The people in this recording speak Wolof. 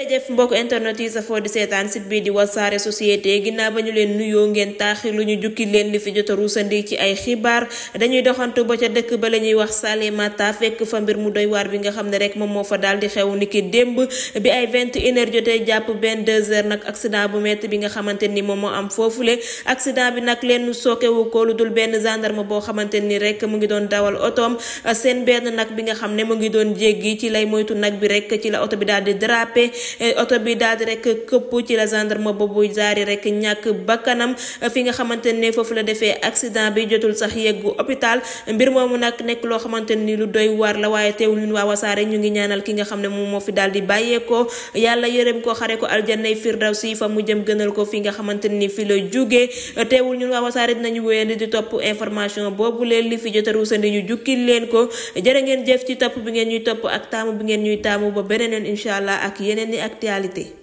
jërëjëf mbokk internet yi safoo di seetaan site bii di wasaare société ginnaaw ba ñu leen nuyoo ngeen taaxi lu ñu jukki leen li fi jot a ruusandi ci ay xibaar dañuy doxantu ba ca dëkk ba la ñuy wax Salémata fekk fa mbir mu doy waar bi nga xam ne rek moom moo fa daal di xew niki démb bi ay 21 heures te jàpp benn 2 heures nag accident bu metti bi nga xamante ni moom moo am foofu foofule accident bi nag leen sookewu ko lu dul benn gendarme boo xamante ni rek mu ngi doon dawal otoom seen benn nag bi nga xam ne mu ngi doon jéggi ci lay moytu nag bi rek ci la oto bi daal di drapé Eh, oto bi daal di rek këpp ci la gendarme boobu jaari rek ñàkk kanam eh, fi nga xamante ne foofu la defee accident bi jotul sax yeggu hôpital mbir moomu nag nekk loo xamante ni lu doy waar la waaye teewul ñun waa wasaare ñu ngi ñaanal ki nga xam ne moom moo fi daal di bàyyeekoo yàlla yërëm ko xare ko aljanay firdawsi fa mu jëm gënal ko fi nga xamante ni fi la jógee eh, teewul ñun waa wasaare dinañu wéyandi di topp information boobu leen li fi jotaru sandi ñu jukkil leen ko jërë ngeen jëf ci topp bi ngeen ñuy topp ak taamu bi ngeen ñuy taamu ba beneen yoon incha allah actualité